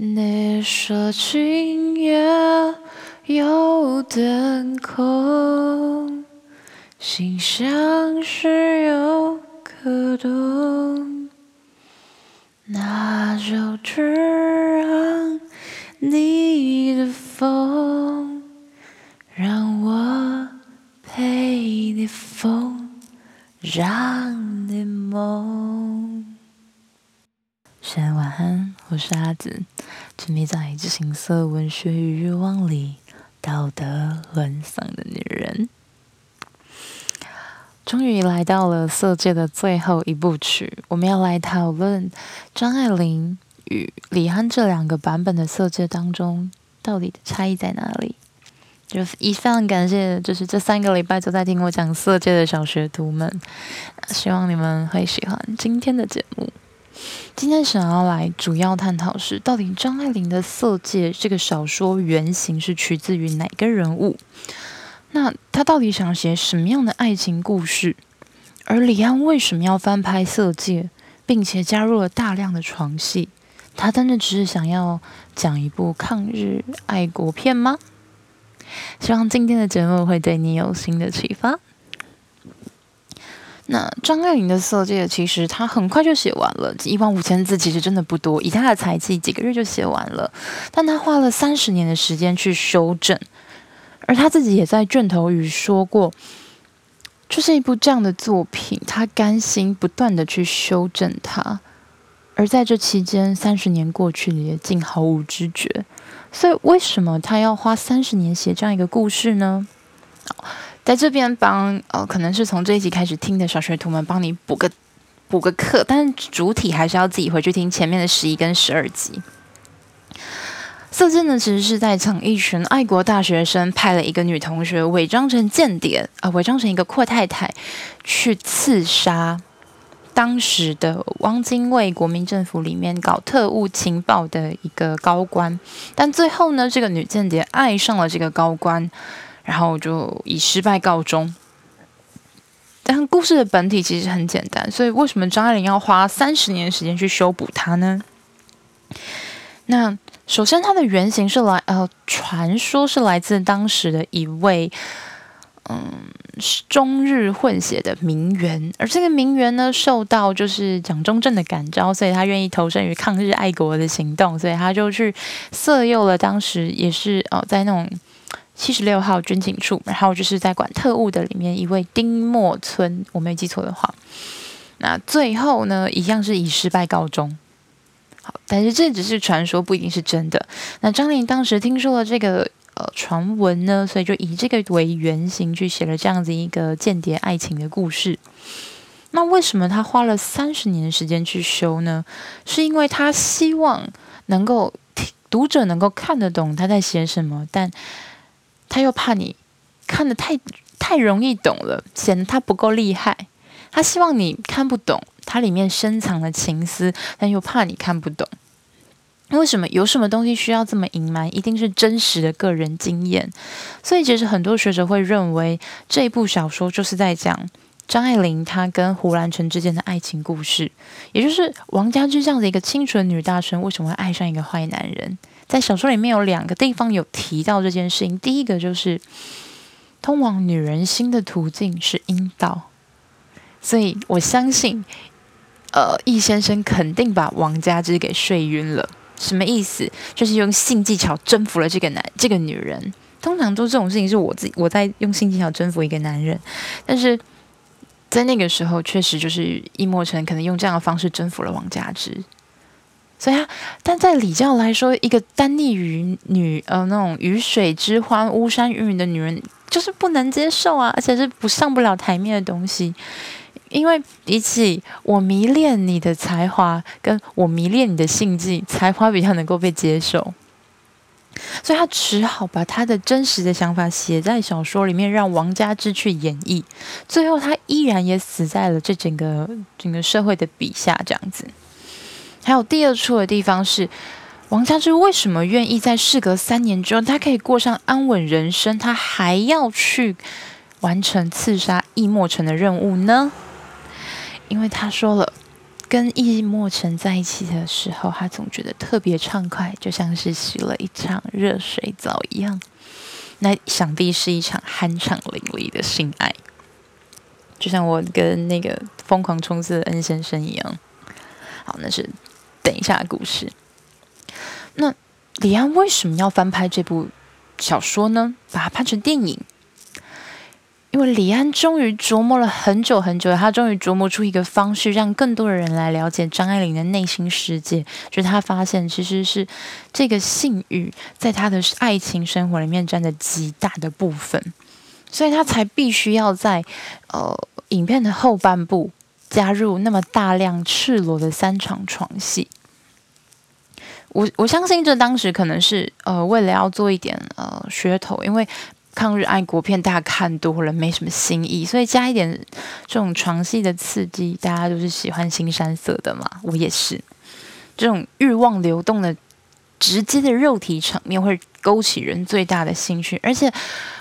你說今夜有燈空，心像是有個洞，那就只讓你的風，讓我陪你瘋，讓你夢。安晚安。我是阿梓，沉迷在情色文學與慾望裡，道德淪喪的女人。終於來到了《色戒》的最後一部曲，我們要來討論張愛玲與李安這兩個版本的《色戒》當中到底的差異在哪裡。就是、一非常感謝，就是這三個禮拜都在聽我講《色戒》的小學徒們，希望你們會喜歡今天的節目。今天想要來主要探討是，到底張愛玲的《色戒》這個小說原型是取自於哪個人物？那她到底想寫什麼樣的愛情故事？而李安為什麼要翻拍《色戒》，並且加入了大量的床戲？他真的只是想要講一部抗日愛國片嗎？希望今天的節目會對你有新的啟發。那張愛玲的《色戒》其實她很快就寫完了，一萬五千字其實真的不多，以她的才氣，幾個月就寫完了。但她花了三十年的時間去修正，而她自己也在卷頭語說過，這、就是一部這樣的作品，她甘心不斷的去修正它。而在這期間，三十年過去，也竟毫無知覺。所以，為什麼她要花三十年寫這樣一個故事呢？在這邊幫呃，可能是從這一集開始聽的小學徒們幫你補個補個課，但是主體還是要自己回去聽前面的十一跟十二集。色戒呢，其實是在講一群愛國大學生派了一個女同學偽裝成間諜啊、呃，偽裝成一個闊太太去刺殺當時的汪精衛國民政府裡面搞特務情報的一個高官，但最後呢，這個女間諜愛上了這個高官。然後就以失敗告終。但故事的本體其實很簡單，所以為什麼張愛玲要花三十年的時間去修補它呢？那首先，它的原型是來呃，傳說是來自當時的一位，嗯，中日混血的名媛。而這個名媛呢，受到就是蔣中正的感召，所以他願意投身於抗日愛國的行動，所以他就去色誘了當時也是哦、呃，在那種。七十六號軍警處，然後就是在管特務的裡面一位丁默村，我沒有記錯的話，那最後呢，一樣是以失敗告終。好，但是這只是傳說，不一定是真的。那張愛玲當時聽說了這個呃傳聞呢，所以就以這個為原型去寫了這樣子一個間諜愛情的故事。那為什麼他花了三十年的時間去修呢？是因為他希望能夠讀者能夠看得懂他在寫什麼，但。他又怕你看得太太容易懂了，顯得他不夠厲害。他希望你看不懂他裡面深藏的情思，但又怕你看不懂。為什麼有什麼東西需要這麼隱瞞？一定是真實的個人經驗。所以其實很多學者會認為，這部小說就是在講張愛玲她跟胡蘭成之間的愛情故事，也就是王佳芝這樣的一個清純女大生為什麼會愛上一個壞男人。在小說裡面有兩個地方有提到這件事情。第一個就是，通往女人心的途徑是陰道，所以我相信，呃，易先生肯定把王佳芝給睡暈了。什麼意思？就是用性技巧征服了這個男這個女人。通常做這種事情是我自己，我在用性技巧征服一個男人，但是在那個時候，確實就是易默成可能用這樣的方式征服了王佳芝。所以啊，但在禮教來說，一個單溺於女呃那種魚水之歡、巫山雲雨的女人，就是不能接受啊，而且是不上不了台面的東西。因為比起我迷戀你的才華，跟我迷戀你的性技，才華比較能夠被接受。所以他只好把他的真實的想法寫在小說裡面，讓王佳芝去演繹。最後，他依然也死在了這整個整個社會的筆下，這樣子。還有第二處的地方是，王佳芝為什麼願意在事隔三年之後，她可以過上安穩人生，她還要去完成刺殺易默成的任務呢？因為她說了，跟易默成在一起的時候，她總覺得特別暢快，就像是洗了一場熱水澡一樣。那想必是一場酣暢淋漓的性愛，就像我跟那個瘋狂衝刺的 N 先生一樣。好，那是。等一下，故事。那李安為什麼要翻拍這部小說呢？把它拍成電影，因為李安終於琢磨了很久很久，他終於琢磨出一個方式，讓更多的人來了解張愛玲的內心世界。就是他發現，其實是這個性欲在他的愛情生活裡面占着極大的部分，所以他才必須要在呃影片的後半部加入那麼大量赤裸的三場床戲。我我相信這當時可能是呃為了要做一點呃噱頭，因為抗日愛國片大家看多了沒什麼新意，所以加一點這種床戲的刺激，大家都是喜歡腥羶色的嘛，我也是。這種慾望流動的、直接的肉體場面會勾起人最大的興趣，而且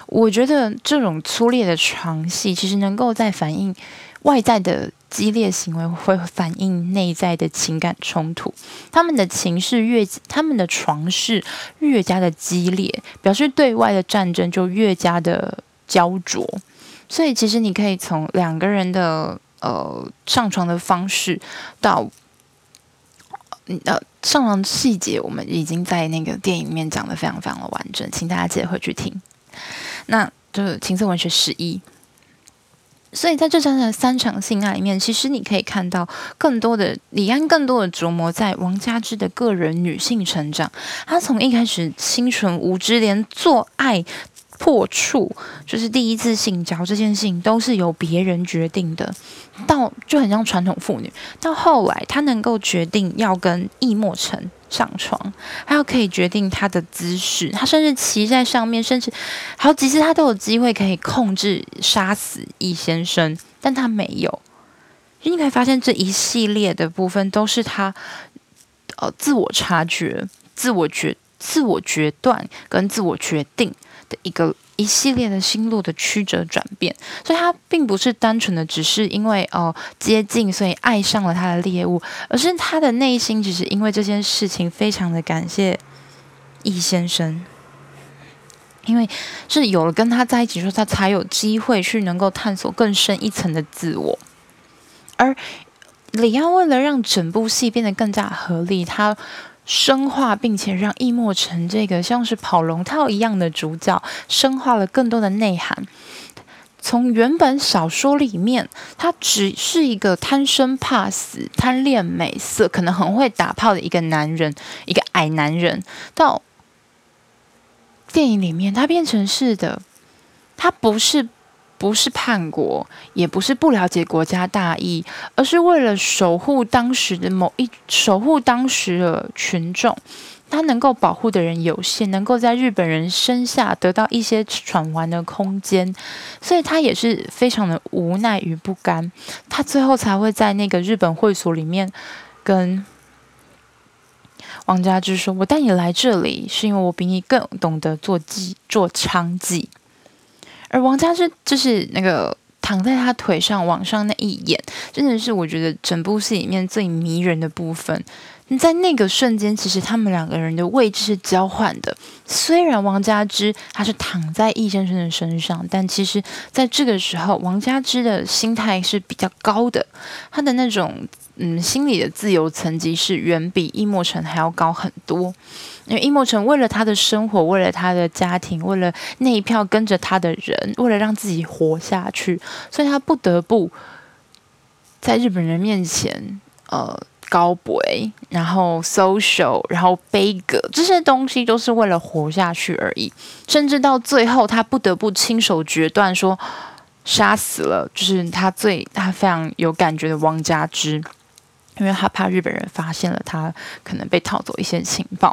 我覺得這種粗劣的床戲其實能夠在反映外在的。激烈行為會反映內在的情感衝突，他們的情事越，他們的床事越加的激烈，表示對外的戰爭就越加的焦灼。所以其實你可以從兩個人的呃上床的方式到呃上床的細節，我們已經在那個電影裡面講的非常非常的完整，請大家記得回去聽。那就是情色文學十一。所以在這張的三場性愛裡面，其實你可以看到更多的李安，更多的琢磨在王佳芝的個人女性成長。她從一開始清純無知，連做愛破處就是第一次性交這件事情都是由別人決定的，到就很像傳統婦女。到後來，她能夠決定要跟易默成。上床，還有可以決定他的姿勢。他甚至騎在上面，甚至好幾次他都有機會可以控制殺死易先生，但他沒有。所以你可以發現這一系列的部分都是他，呃，自我察覺、自我決、自我決斷跟自我決定。的一個一系列的心路的曲折轉變，所以他並不是單純的只是因為哦、呃、接近，所以愛上了他的獵物，而是他的內心只是因為這件事情非常的感謝易先生，因為是有了跟他在一起之後，說他才有機會去能夠探索更深一層的自我。而李安為了讓整部戲變得更加合理，他深化，並且讓易默成這個像是跑龍套一樣的主角，深化了更多的內涵。從原本小說裡面，他只是一個貪生怕死、貪戀美色、可能很會打炮的一個男人，一個矮男人，到電影裡面，他變成是的，他不是。不是叛國，也不是不了解國家大義，而是為了守護當時的某一，守護當時的群眾，他能夠保護的人有限，能夠在日本人身下得到一些喘緩的空間，所以他也是非常的無奈與不甘，他最後才會在那個日本會所裡面跟王佳芝說：“我帶你來這裡，是因為我比你更懂得做妓做娼妓。”而王佳芝，就是那個躺在他腿上往上那一眼，真的是我覺得整部戲裡面最迷人的部分。在那個瞬間，其實他們兩個人的位置是交換的。雖然王佳芝她是躺在易先生的身上，但其實，在這個時候，王佳芝的心態是比較高的，她的那種嗯心理的自由層級是遠比易默成還要高很多。因為易默成為了他的生活，為了他的家庭，為了那一票跟着他的人，為了讓自己活下去，所以他不得不在日本人面前呃高博，然後 social，然後 big，這些東西都是為了活下去而已。甚至到最後，他不得不親手決斷，說殺死了就是他最他非常有感覺的王佳芝，因為他怕日本人發現了他可能被套走一些情報。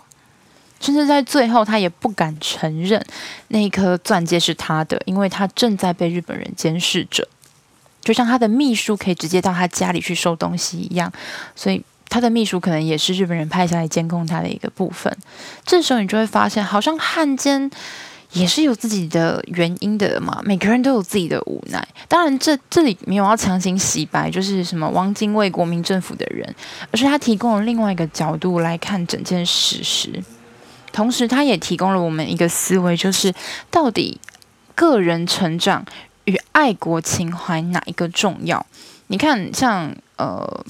甚至在最後，他也不敢承認那一顆鑽戒是他的，因為他正在被日本人監視着，就像他的祕書可以直接到他家裡去收東西一樣。所以他的祕書可能也是日本人派下來監控他的一個部分。這時候你就會發現，好像漢奸也是有自己的原因的嘛，每個人都有自己的無奈。當然這，這這裡沒有要強行洗白，就是什麼汪精衛國民政府的人，而是他提供了另外一個角度來看整件事實。同時，他也提供了我們一個思維，就是到底個人成長與愛國情懷哪一個重要？你看像，像呃，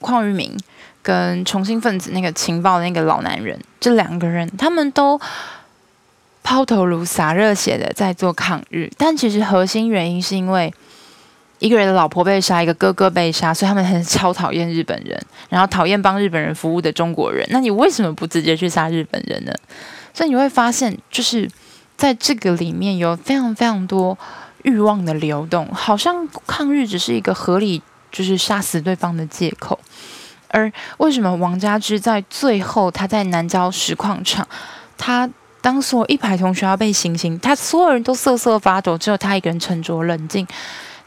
鄺裕民跟重慶分子那個情報那個老男人，這兩個人，他們都拋頭顱、灑熱血的在做抗日，但其實核心原因是因為。一個人的老婆被殺，一個哥哥被殺，所以他們很超討厭日本人，然後討厭幫日本人服務的中國人。那你為什麼不直接去殺日本人呢？所以你會發現，就是在這個裡面有非常非常多欲望的流動，好像抗日只是一個合理，就是殺死對方的借口。而為什麼王佳芝在最後他在南郊石礦場，他當時一排同學要被行刑，他所有人都瑟瑟發抖，只有他一個人沉着冷靜。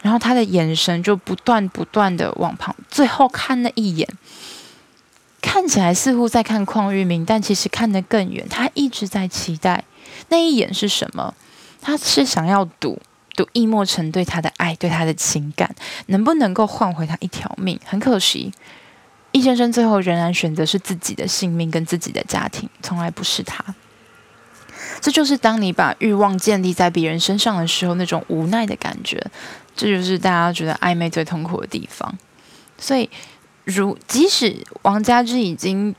然後他的眼神就不斷不斷的往旁最後看了一眼，看起來似乎在看鄺裕民，但其實看得更遠。他一直在期待那一眼是什麼？他是想要賭賭易默成對他的愛，對他的情感能不能夠換回他一條命？很可惜，易先生，生最後仍然選擇是自己的性命跟自己的家庭，從來不是他。這就是當你把欲望建立在別人身上的時候，那種無奈的感覺。這就是大家覺得曖昧最痛苦的地方，所以，如即使王佳芝已經，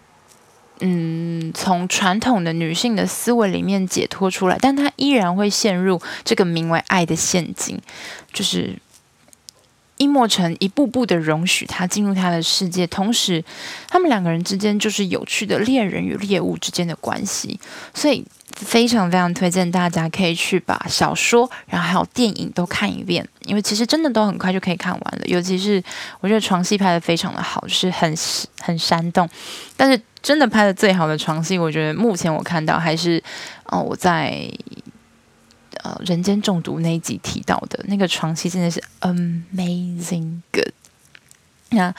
嗯，從傳統的女性的思維裡面解脫出來，但她依然會陷入這個名為愛的陷阱，就是，易默成一步步的容許她進入他的世界，同時，他們兩個人之間就是有趣的獵人與獵物之間的關係，所以。非常非常推薦大家可以去把小說，然後還有電影都看一遍，因為其實真的都很快就可以看完了。尤其是我覺得床戲拍得非常的好，就是很很煽動。但是真的拍得最好的床戲，我覺得目前我看到還是哦、呃、我在、呃、《人間中毒》那一集提到的那個床戲真的是 amazing good。那、嗯、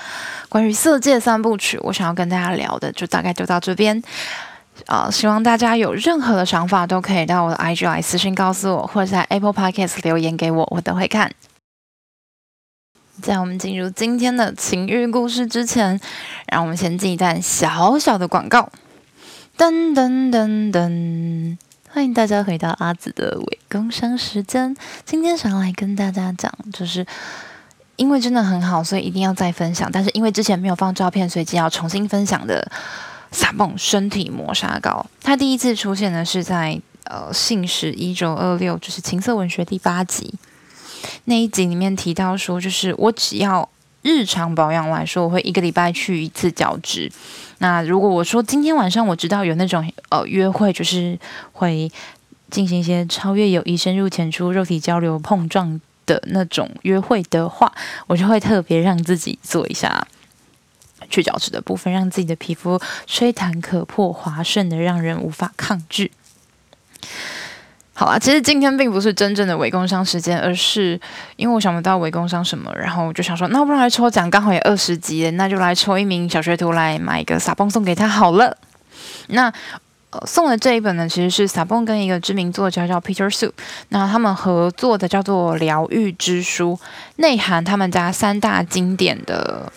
關於《色戒》三部曲，我想要跟大家聊的就大概就到這邊。啊、呃，希望大家有任何的想法都可以到我的 IG 來私信告訴我，或者在 Apple Podcast 留言給我，我都會看。在我們進入今天的情欲故事之前，讓我們先進一段小小的廣告。噔噔噔噔，歡迎大家回到阿梓的偽工商時間。今天想要來跟大家講，就是因為真的很好，所以一定要再分享。但是因為之前沒有放照片，所以就要重新分享的。Sabon 身體磨砂膏，它第一次出現呢是在呃《信使》一九二六，就是情色文學第八集那一集裡面提到說，就是我只要日常保養來說，我會一個禮拜去一次角質。那如果我說今天晚上我知道有那種呃約會，就是會進行一些超越友誼、深入淺出、肉體交流碰撞的那種約會的話，我就會特別讓自己做一下。去角質的部分，讓自己的皮膚吹彈可破、滑順的，讓人無法抗拒。好啊，其實今天並不是真正的偽工商時間，而是因為我想不到偽工商什麼，然後我就想說，那不然來抽獎，剛好也二十級，那就來抽一名小學徒來買一個 Sabon 送給他好了。那、呃、送的這一本呢，其實是 Sabon 跟一個知名作家叫 Peter Su，那他們合作的叫做《療癒之書》，內含他們家三大經典的。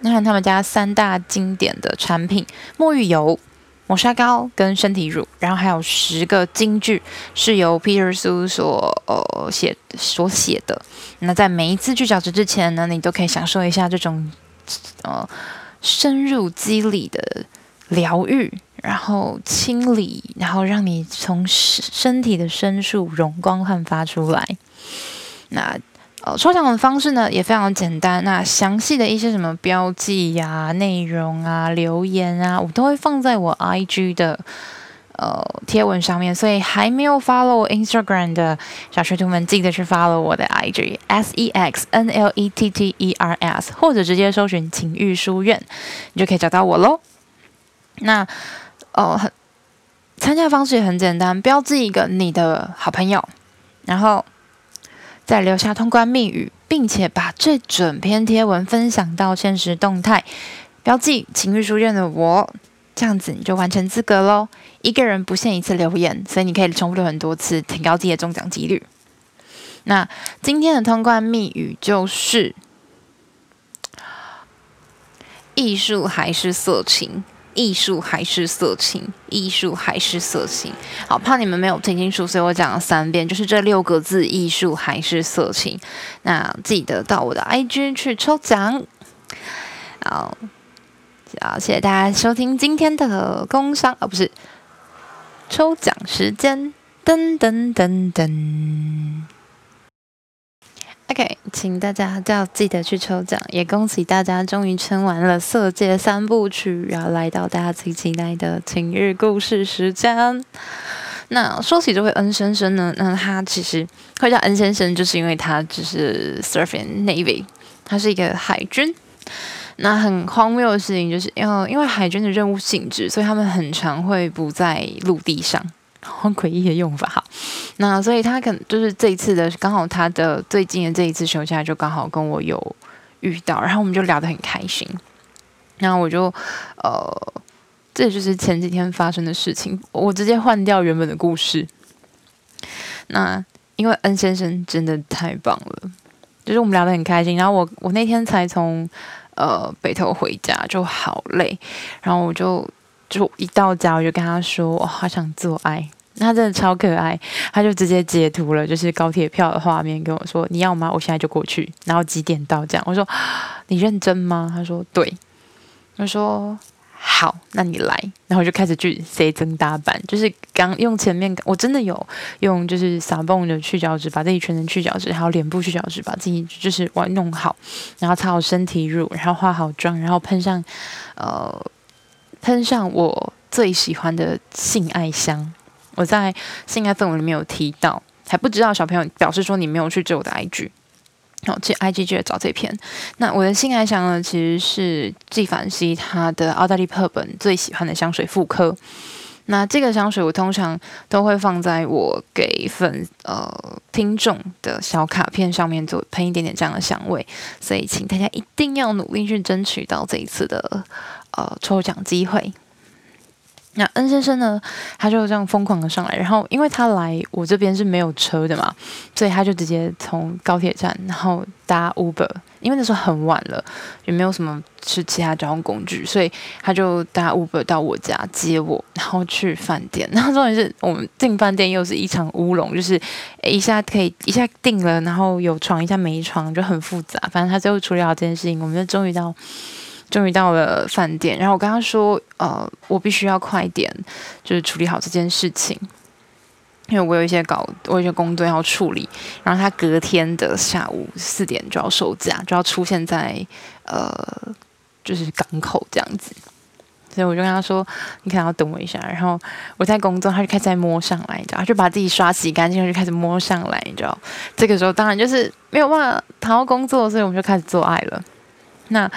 那他們家三大經典的產品：沐浴油、磨砂膏、跟身體乳，然後還有十個金句，是由 Peter Su 所呃寫所寫的。那在每一次去角質之前呢，你都可以享受一下這種呃深入肌理的療愈，然後清理，然後讓你從身身體的深處容光煥發出來。那。呃，抽獎的方式呢也非常簡單。那詳細的一些什麼標記呀、啊、內容啊、留言啊，我都會放在我 IG 的呃貼文上面。所以還沒有 follow Instagram 的小學徒們，記得去 follow 我的 IG S E X N L E T T E R S，或者直接搜尋“情慾書院”，你就可以找到我嘍。那哦、呃，參加方式也很簡單，標記一個你的好朋友，然後。再留下通關密語，並且把這整篇貼文分享到限時動態，標記情欲書院的我，這樣子你就完成資格嘍。一個人不限一次留言，所以你可以重複留很多次，提高自己的中獎幾率。那今天的通關密語就是：藝術還是色情？藝術還是色情？藝術還是色情？好，怕你們沒有聽清楚，所以我講了三遍，就是這六個字：藝術還是色情。那記得到我的 IG 去抽獎。好，謝謝大家收聽今天的工商哦，不是抽獎時間。噔噔噔噔。OK，請大家都要記得去抽獎，也恭喜大家終於撐完了色戒三部曲，然後來到大家最期待的情日故事時間。那說起這位 N 先生呢，那他其實會叫 N 先生，就是因為他只是 Surfing Navy，他是一個海軍。那很荒謬的事情，就是因為因為海軍的任務性質，所以他們很常會不在陸地上。很詭異的用法哈，那所以他可能就是這一次的，剛好他的最近的這一次休假就剛好跟我有遇到，然後我們就聊得很開心。那我就呃，這就是前幾天發生的事情。我直接換掉原本的故事。那因為 N 先生真的太棒了，就是我們聊得很開心。然後我我那天才從呃北投回家就好累，然後我就。就一到家，我就跟他說，我、哦、好想做愛。那他真的超可愛，他就直接截圖了，就是高鐵票的畫面，跟我說，你要嗎？我現在就過去，然後幾點到這樣？我說、啊、你認真嗎？他說對。我說好，那你來。然後我就開始去認真打扮，就是剛用前面我真的有用，就是 Sabon 的去角質，把自己全身去角質，還有臉部去角質，把自己就是我弄好，然後擦好身體乳，然後化好妝，然後噴上呃。噴上我最喜歡的性愛香，我在性愛氛圍裡面有提到，還不知道小朋友表示說你沒有去救我的 IG，好、哦、去 IGG 找這篇。那我的性愛香呢，其實是紀梵希他的奧黛麗赫本最喜歡的香水復刻。那這個香水我通常都會放在我給粉呃聽眾的小卡片上面，做噴一點點這樣的香味。所以請大家一定要努力去爭取到這一次的。呃，抽獎機會。那 N 先生呢，他就這樣瘋狂的上來，然後因為他來我這邊是沒有車的嘛，所以他就直接從高鐵站，然後搭 Uber。因為那時候很晚了，也沒有什麼是其他交通工具，所以他就搭 Uber 到我家接我，然後去飯店。然後終於是我們進飯店又是一場烏龍，就是一下可以，一下定了，然後有床，一下沒床，就很複雜。反正他最後處理好這件事情，我們就終於到終於到了飯店，然後我跟他說：“呃，我必須要快點，就是處理好這件事情，因為我有一些稿，我有一些工作要處理。然後他隔天的下午四點就要收假，就要出現在呃，就是港口這樣子。所以我就跟他說：‘你可能要等我一下。’然後我在工作，他就開始在摸上來，然後就把自己刷洗乾淨，然後就開始摸上來，你知道。這個時候當然就是沒有辦法好好工作，所以我們就開始做愛了。那……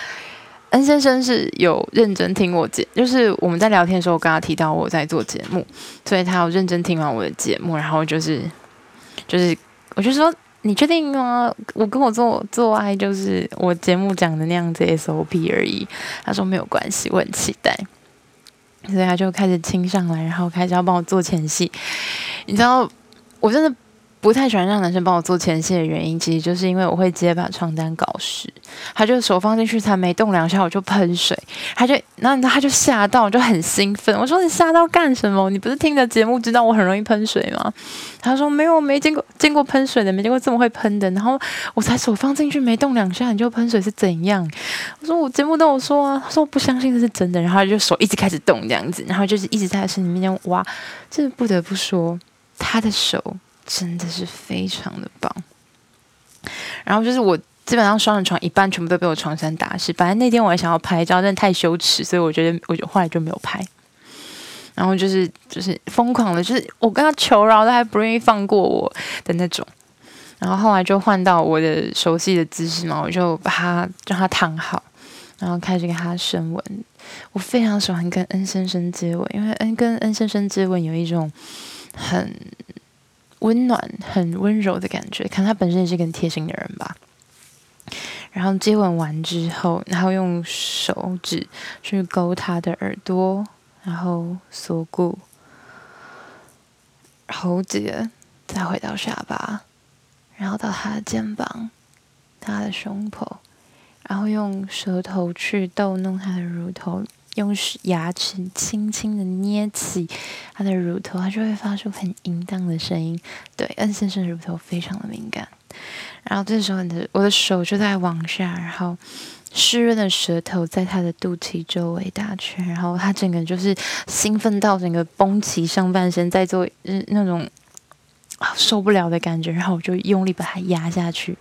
N 先生是有認真聽我節，就是我們在聊天的時候，我剛剛提到我在做節目，所以他有認真聽完我的節目，然後就是就是我就說你確定嗎？我跟我做做愛就是我節目講的那樣子 SOP 而已。他說沒有關係，我很期待，所以他就開始親上來，然後開始要幫我做前戲。你知道我真的。不太喜歡讓男生幫我做前戲的原因，其實就是因為我會直接把床單搞濕。他就手放進去，才沒動兩下，我就噴水。他就，然後他就嚇到，我就很興奮。我說你嚇到幹什麼？你不是聽的節目知道我很容易噴水嗎？他說沒有，我沒見過見過噴水的，沒見過這麼會噴的。然後我才手放進去沒動兩下，你就噴水是怎樣？我說我節目都有說啊，他說我不相信這是真的，然後他就手一直開始動這樣子，然後就是一直在他身體面前哇，就是不得不說他的手。真的是非常的棒。然後就是我基本上雙人床一半全部都被我床單打濕。本來那天我還想要拍照，但太羞恥，所以我覺得，我就後來就沒有拍。然後就是就是瘋狂的，就是我跟他求饒，他還不願意放過我的那種。然後後來就換到我的熟悉的姿勢嘛，我就把他讓他躺好，然後開始跟他深吻。我非常喜歡跟 N 先生接吻，因為 N 跟 N 先生接吻有一種很。溫暖，很溫柔的感覺。看他本身也是一個很貼心的人吧。然後接吻完之後，然後用手指去勾他的耳朵，然後鎖骨、喉結，再回到下巴，然後到他的肩膀、他的胸口，然後用舌頭去逗弄他的乳頭。用牙齒輕輕的捏起他的乳頭，他就會發出很淫蕩的聲音。對，N 先生乳頭非常的敏感。然後這時候你，我的我的手就在往下，然後濕潤的舌頭在他的肚臍周圍打圈，然後他整個就是興奮到整個繃起上半身，在做那種、啊、受不了的感覺。然後我就用力把他壓下去。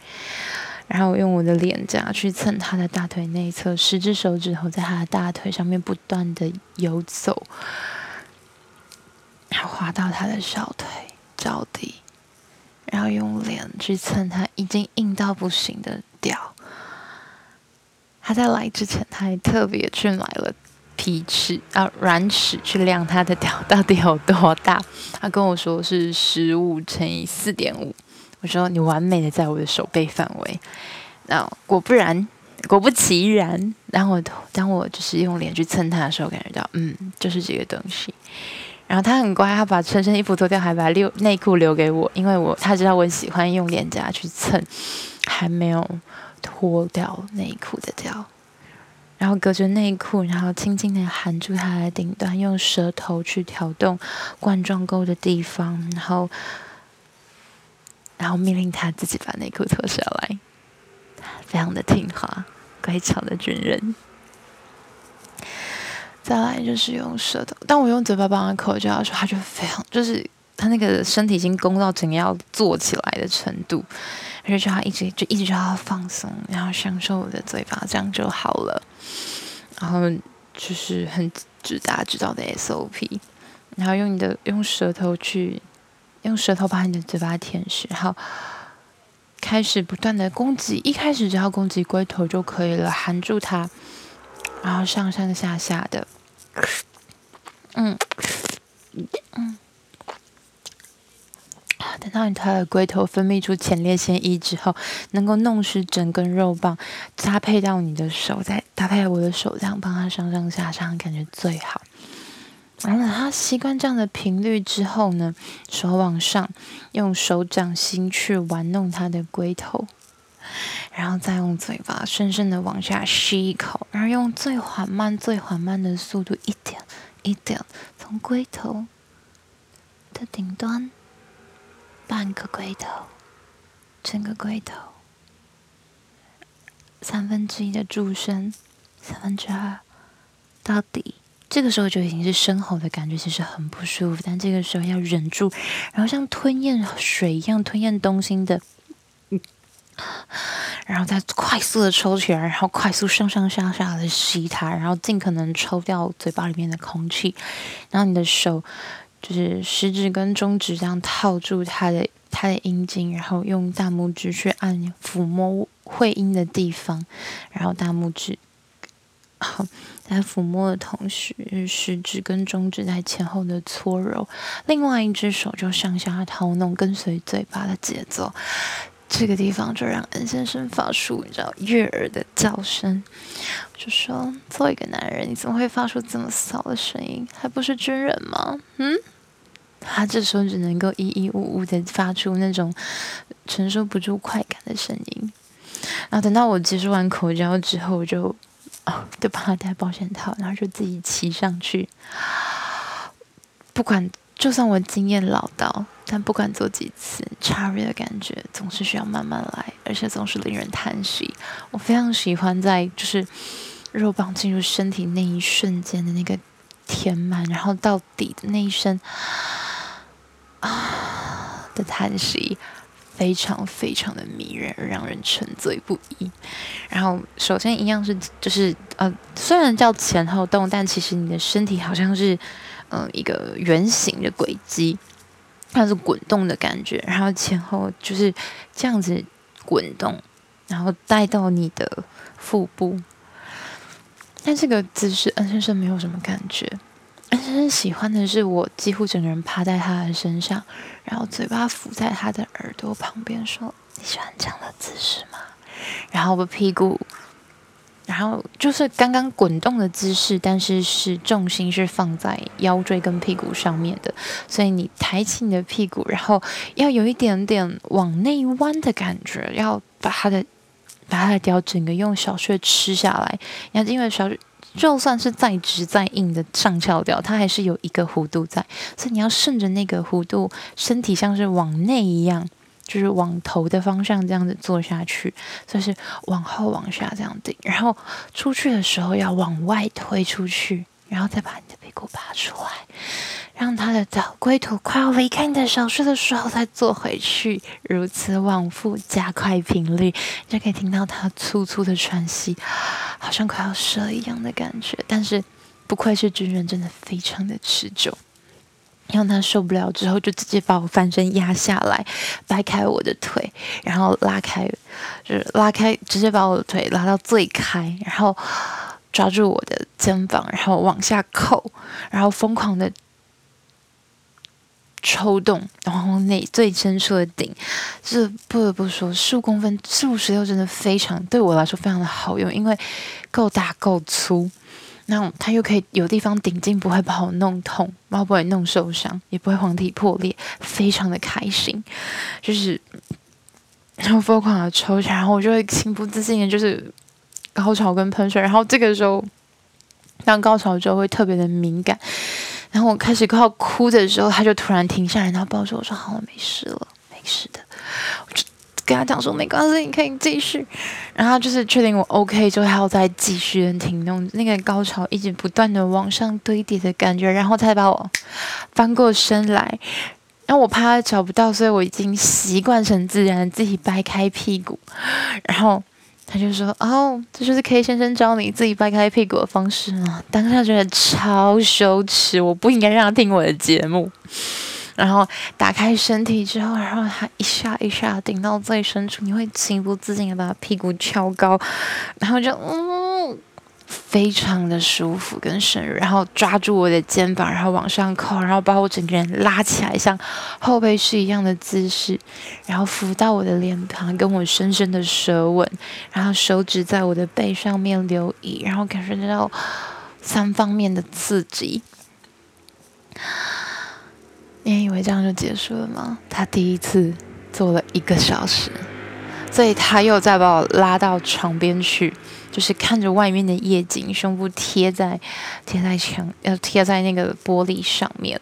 然後我用我的臉頰去蹭他的大腿內側，十只手指頭在他的大腿上面不斷的游走，然後滑到他的小腿着地，然後用臉去蹭他已經硬到不行的屌。他在來之前，他還特別去買了皮尺啊軟尺去量他的屌到底有多大。他跟我說是十五乘以四點五。我說，你完美的在我的手背範圍。那果不然，果不其然，然後當我就是用臉去蹭他的時候，感覺到嗯，就是這個東西。然後他很乖，他把全身衣服脫掉，還把內褲留給我，因為我他知道我喜歡用臉頰去蹭，還沒有脫掉內褲的掉，然後隔着內褲，然後輕輕的含住他的頂端，用舌頭去挑動冠狀溝的地方，然後。然後命令他自己把內褲脫下來，非常的聽話，乖巧的軍人。再來就是用舌頭，當我用嘴巴幫他口交的時候，他就非常就是他那個身體已經弓到整個要坐起來的程度，而且就他一,一直就一直叫他放鬆，然後享受我的嘴巴，這樣就好了。然後就是很直接知道的 SOP，然後用你的用舌頭去。用舌頭把你的嘴巴舔濕，好，開始不斷的攻擊。一開始只要攻擊龜頭就可以了，含住它，然後上上下下的，嗯，嗯，等到你的龜頭分泌出前列腺液之後，能夠弄濕整根肉棒，搭配到你的手，再搭配我的手，這樣幫它上上下下，感覺最好。然後他習慣這樣的頻率之後呢，手往上，用手掌心去玩弄他的龜頭，然後再用嘴巴深深的往下吸一口，然後用最緩慢、最緩慢的速度，一點一點從龜頭的頂端，半個龜頭，整個龜頭，三分之一的柱身，三分之二，到底。這個時候就已經是深喉的感覺，其實很不舒服。但這個時候要忍住，然後像吞嚥水一樣吞嚥東西的，嗯，然後再快速的抽起來，然後快速上上下下的吸它，然後盡可能抽掉嘴巴裡面的空氣。然後你的手就是食指跟中指這樣套住它的它的陰莖，然後用大拇指去按撫摸會陰的地方，然後大拇指。在撫摸的同時，食指跟中指在前後的搓揉，另外一隻手就上下掏弄，跟隨嘴巴的節奏。這個地方就讓 N 先生發出，你知道，悅耳的叫聲。我就說：“做一個男人，你怎麼會發出這麼騷的聲音？還不是軍人嗎？”嗯，他這時候只能夠咿咿嗚嗚的發出那種承受不住快感的聲音。然後等到我結束完口交之後，我就。就、oh, 幫他戴保險套，然後就自己騎上去。不管就算我經驗老到，但不管做幾次，插入的感覺總是需要慢慢來，而且總是令人嘆息。我非常喜歡在就是肉棒進入身體那一瞬間的那個填滿，然後到底的那一聲、啊、的嘆息。非常非常的迷人，讓人沉醉不已。然後，首先一樣是，就是呃，雖然叫前後動，但其實你的身體好像是，嗯、呃，一個圓形的軌跡，它是滾動的感覺。然後前後就是這樣子滾動，然後帶到你的腹部。但這個姿勢，嗯、呃，是沒有什麼感覺。但是喜歡的是我幾乎整個人趴在他的身上，然後嘴巴伏在他的耳朵旁邊說：“你喜歡這樣的姿勢嗎？”然後我屁股，然後就是剛剛滾動的姿勢，但是是重心是放在腰椎跟屁股上面的。所以你抬起你的屁股，然後要有一點點往內彎的感覺，要把他的把他的屌整個用小穴吃下來。然後因為小就算是再直再硬的上翹掉，它還是有一個弧度在，所以你要順着那個弧度，身體像是往內一樣，就是往頭的方向這樣子坐下去，所以是往後往下這樣頂，然後出去的時候要往外推出去，然後再把你的屁股拔出來。讓他的龜頭快要離開你的小穴的時候，再坐回去，如此往復，加快頻率，你就可以聽到他粗粗的喘息，好像快要射一樣的感覺。但是，不愧是軍人，真的非常的持久。讓他受不了之後，就直接把我翻身壓下來，掰開我的腿，然後拉開，就是拉開，直接把我的腿拉到最開，然後抓住我的肩膀，然後往下扣，然後瘋狂的。抽動，然後那最深處的頂，就是不得不說，數公分、數十六真的非常，對我來說非常的好用，因為夠大夠粗，然後它又可以有地方頂進，不會把我弄痛，然後不會弄受傷，也不會黃體破裂，非常的開心，就是然後瘋狂的抽，然後我就會情不自禁的，就是高潮跟噴水，然後這個時候，當高潮之後會特別的敏感。然後我開始快要哭的時候，他就突然停下來，然後抱着我說：“我說好，沒事了，沒事的。”我就跟他講說：“沒關係，你可以繼續。”然後就是確定我 OK 就還要再繼續的停動，那種那個高潮一直不斷的往上堆疊的感覺，然後才把我翻過身來。然後我怕他找不到，所以我已經習慣成自然，自己掰開屁股，然後。他就說：“哦，這就是 K 先生教你自己掰開屁股的方式嗎？”當下覺得超羞恥，我不應該讓他聽我的節目。然後打開身體之後，然後他一下一下頂到最深處，你會情不自禁的把他屁股翹高，然後就嗯。非常的舒服跟深入，然後抓住我的肩膀，然後往上扣，然後把我整個人拉起來，像後背式一樣的姿勢，然後扶到我的臉龐，跟我深深的舌吻，然後手指在我的背上面遊移，然後感受到三方面的刺激。你以為這樣就結束了嗎？他第一次做了一個小時，所以他又再把我拉到床邊去。就是看着外面的夜景，胸部貼在貼在牆，要、呃、貼在那個玻璃上面，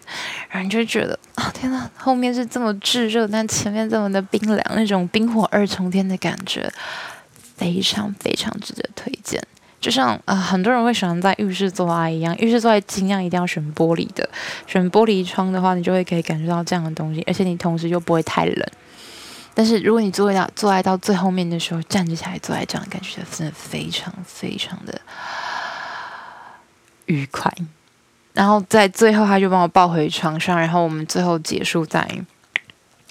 然後你就覺得啊、哦，天吶，後面是這麼炙熱，但前面這麼的冰涼，那種冰火二重天的感覺，非常非常值得推薦。就像啊、呃，很多人會喜歡在浴室做愛一樣，浴室做愛儘量一定要選玻璃的，選玻璃窗的話，你就會可以感覺到這樣的東西，而且你同時又不會太冷。但是如果你坐到做愛到最後面的時候，站着起來做愛，這樣感覺真的非常非常的愉快。然後在最後，他就把我抱回床上，然後我們最後結束在。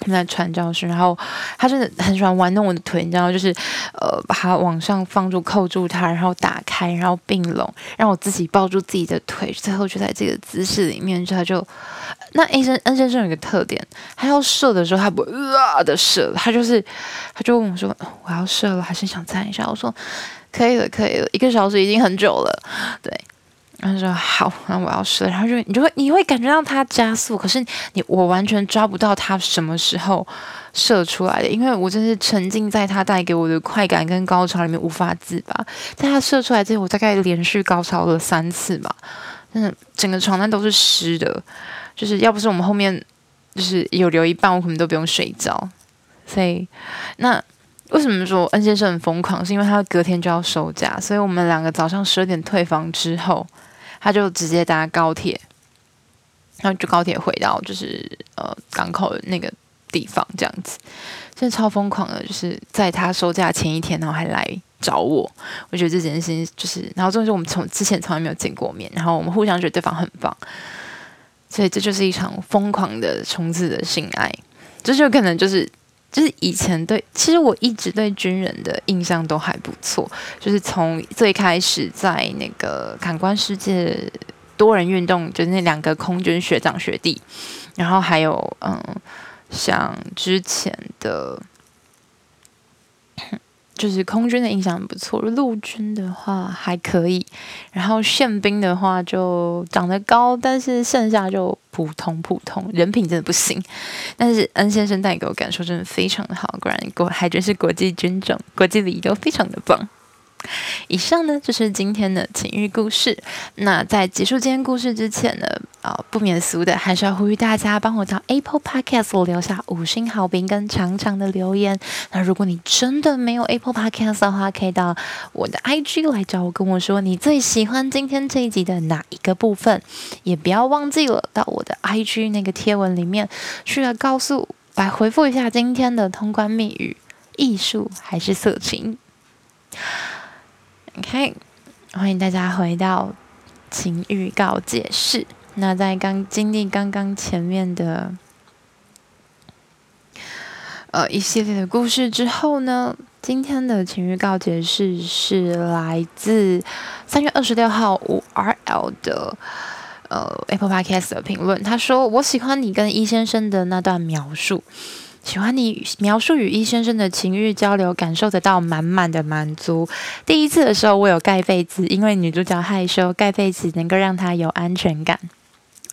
他在傳教士，然後他真的很喜歡玩弄我的腿，你知道，就是呃，把它往上放住，扣住它，然後打開，然後併攏，讓我自己抱住自己的腿。最後就在這個姿勢裡面，就他就那 N 生、N 先生有一個特點，他要射的時候，他不會、呃、啊的射，他就是他就問我說：“我要射了，還是想站一下？”我說：“可以了，可以了，一個小時已經很久了。”對。他說好，那我要射。然後就你就會你會感覺到他加速，可是你我完全抓不到他什麼時候射出來的，因為我真是沉浸在他帶給我的快感跟高潮裡面無法自拔。在他射出來之後，我大概連續高潮了三次吧，真的整個床單都是濕的。就是要不是我們後面就是有留一半，我可能都不用睡覺。所以那為什麼說 N 先生很瘋狂？是因為他隔天就要收假，所以我們兩個早上十二點退房之後。他就直接搭高鐵，然後就高鐵回到就是呃港口的那個地方這樣子，現在超瘋狂的。就是在他收假前一天，然後還來找我，我覺得這件事情就是，然後重點是我們從之前從來沒有見過面，然後我們互相覺得對方很棒，所以這就是一場瘋狂的、衝刺的性愛，這就是、可能就是。就是以前對，其實我一直對軍人的印象都還不錯。就是從最開始在那個感官世界多人運動，就是、那兩個空軍學長學弟，然後還有嗯，像之前的。就是空軍的印象不錯，陸軍的話還可以，然後憲兵的話就長得高，但是剩下就普通普通，人品真的不行。但是 N 先生帶給我感受真的非常的好，果然國海軍是國際軍種，國際禮儀都非常的棒。以上呢，就是今天的情欲故事。那在結束今天故事之前呢，啊，不免俗的還是要呼籲大家幫我到 Apple Podcast 我留下五星好評跟長長的留言。那如果你真的沒有 Apple Podcast 的話，可以到我的 IG 來找我，跟我說你最喜歡今天這一集的哪一個部分。也不要忘記了到我的 IG 那個貼文裡面去了，告訴，來回復一下今天的通關密語：藝術還是色情？OK，歡迎大家回到情欲告解室。那在剛經歷剛剛前面的呃一系列的故事之後呢，今天的情欲告解室是來自三月二十六號五 RL 的呃 Apple Podcast 的評論。他說：“我喜歡你跟易先生的那段描述。”喜歡你描述與醫生生的情欲交流，感受得到滿滿的滿足。第一次的時候，我有蓋被子，因為女主角害羞，蓋被子能夠讓她有安全感。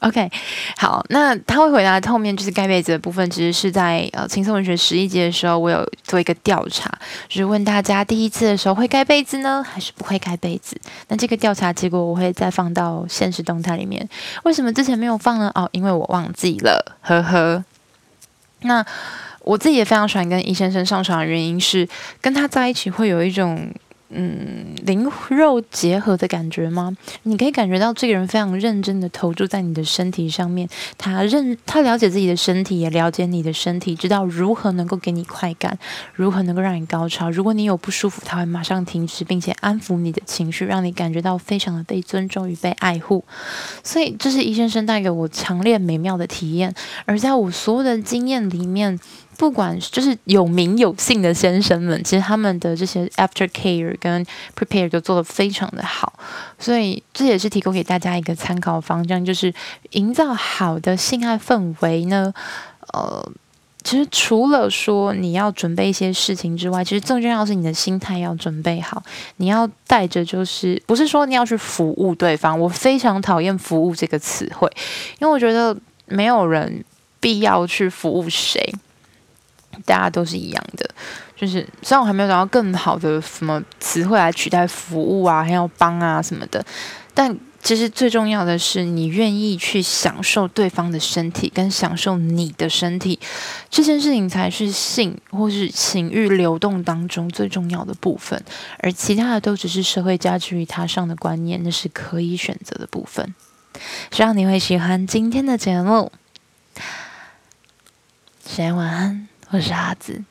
OK，好，那她會回答的後面就是蓋被子的部分。其實是在呃情色文學十一集的時候，我有做一個調查，就是問大家第一次的時候會蓋被子呢，還是不會蓋被子。那這個調查結果我會再放到限時動態裡面。為什麼之前沒有放呢？哦，因為我忘記了，呵呵。那我自己也非常喜歡跟易先生上床的原因是，跟他在一起會有一種。嗯，靈肉結合的感覺嗎？你可以感覺到這個人非常認真的投注在你的身體上面，他認他了解自己的身體，也了解你的身體，知道如何能夠給你快感，如何能夠讓你高潮。如果你有不舒服，他會馬上停止，並且安撫你的情緒，讓你感覺到非常的被尊重與被愛護。所以這是醫生生帶給我強烈美妙的體驗，而在我所有的經驗裡面。不管就是有名有姓的先生們，其實他們的這些 after care 跟 prepare 都做的非常的好，所以這也是提供給大家一個參考方向，就是營造好的性愛氛圍呢。呃，其實除了說你要準備一些事情之外，其實最重要是你的心態要準備好，你要帶着就是不是說你要去服務對方，我非常討厭服務這個詞彙，因為我覺得沒有人必要去服務誰。大家都是一樣的，就是雖然我還沒有找到更好的什麼詞彙來取代“服務”啊、還要幫啊什麼的，但其實最重要的是，你願意去享受對方的身體，跟享受你的身體這件事情，才是性或是情欲流動當中最重要的部分。而其他的都只是社會加諸於他上的觀念，那是可以選擇的部分。希望你會喜歡今天的節目，大家晚安。我是阿梓。